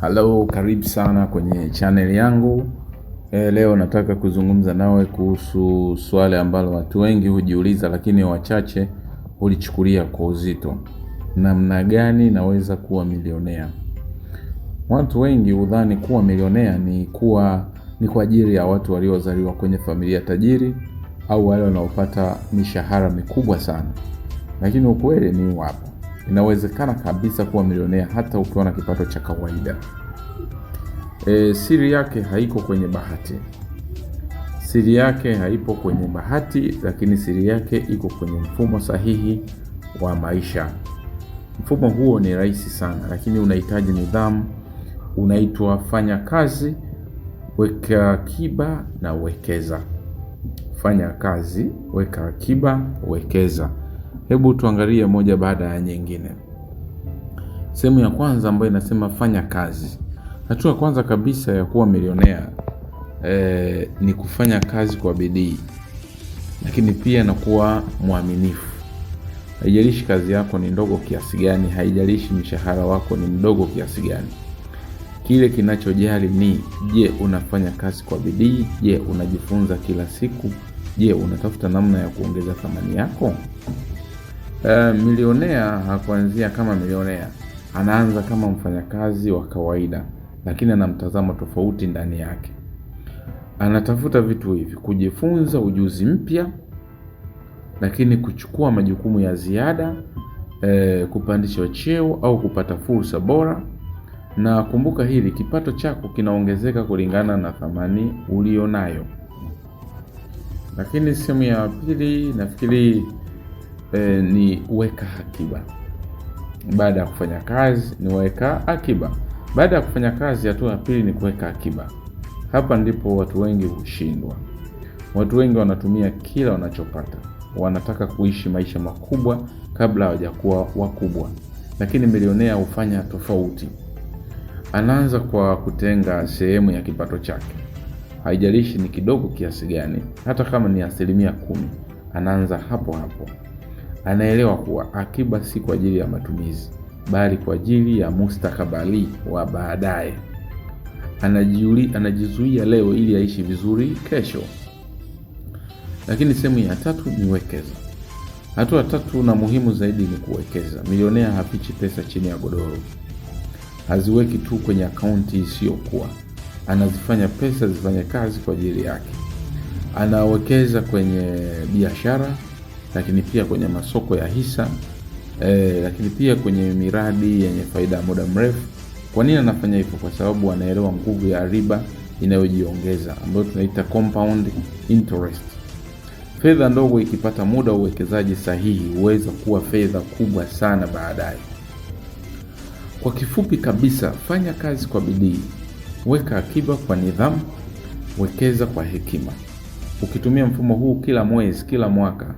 Halo, karibu sana kwenye channel yangu. E, leo nataka kuzungumza nawe kuhusu swali ambalo watu wengi hujiuliza lakini wachache hulichukulia kwa uzito. Namna gani naweza kuwa milionea? Watu wengi hudhani kuwa milionea ni kuwa ni kwa ajili ya watu waliozaliwa kwenye familia tajiri au wale wanaopata mishahara mikubwa sana, lakini ukweli ni upo Inawezekana kabisa kuwa milionea hata ukiwa na kipato cha kawaida. E, siri yake haiko kwenye bahati. Siri yake haipo kwenye bahati, lakini siri yake iko kwenye mfumo sahihi wa maisha. Mfumo huo ni rahisi sana, lakini unahitaji nidhamu. Unaitwa fanya kazi, weka akiba na wekeza. Fanya kazi, weka akiba, wekeza. Hebu tuangalie moja baada ya nyingine. Sehemu ya kwanza ambayo inasema fanya kazi. Hatua kwanza kabisa ya kuwa milionea e, ni kufanya kazi kwa bidii, lakini pia na kuwa mwaminifu. Haijalishi kazi yako ni ndogo kiasi gani, haijalishi mshahara wako ni mdogo kiasi gani, kile kinachojali ni je, unafanya kazi kwa bidii? Je, unajifunza kila siku? Je, unatafuta namna ya kuongeza thamani yako? Uh, milionea hakuanzia kama milionea, anaanza kama mfanyakazi wa kawaida, lakini ana mtazamo tofauti ndani yake. Anatafuta vitu hivi: kujifunza ujuzi mpya, lakini kuchukua majukumu ya ziada, eh, kupandishwa cheo au kupata fursa bora. Na kumbuka hili, kipato chako kinaongezeka kulingana na thamani ulionayo. Lakini sehemu ya pili nafikiri e, ni weka akiba. Baada ya kufanya kazi ni weka akiba. Baada ya kufanya kazi, hatua ya pili ni kuweka akiba. Hapa ndipo watu wengi hushindwa. Watu wengi wanatumia kila wanachopata, wanataka kuishi maisha makubwa kabla hawajakuwa wakubwa, lakini milionea hufanya tofauti. Anaanza kwa kutenga sehemu ya kipato chake, haijalishi ni kidogo kiasi gani, hata kama ni asilimia kumi, anaanza hapo hapo. Anaelewa kuwa akiba si kwa ajili ya matumizi, bali kwa ajili ya mustakabali wa baadaye. Anajiuli, anajizuia leo ili aishi vizuri kesho. Lakini sehemu ya tatu ni wekeza. Hatua tatu na muhimu zaidi ni kuwekeza. Milionea hafichi pesa chini ya godoro, haziweki tu kwenye akaunti isiyokuwa, anazifanya pesa zifanye kazi kwa ajili yake. Anawekeza kwenye biashara lakini pia kwenye masoko ya hisa e, lakini pia kwenye miradi yenye faida ya muda mrefu. Kwa nini anafanya hivyo? Kwa sababu anaelewa nguvu ya riba inayojiongeza ambayo tunaita compound interest. Fedha ndogo ikipata muda wa uwekezaji sahihi huweza kuwa fedha kubwa sana baadaye. Kwa kifupi kabisa, fanya kazi kwa bidii, weka akiba kwa nidhamu, wekeza kwa hekima. Ukitumia mfumo huu kila mwezi, kila mwaka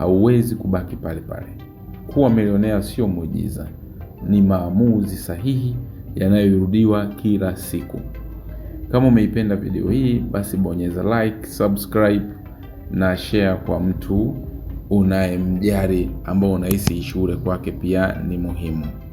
hauwezi kubaki pale pale. Kuwa milionea sio muujiza, ni maamuzi sahihi yanayorudiwa kila siku. Kama umeipenda video hii, basi bonyeza like, subscribe na share kwa mtu unayemjali, ambao unahisi shule kwake pia ni muhimu.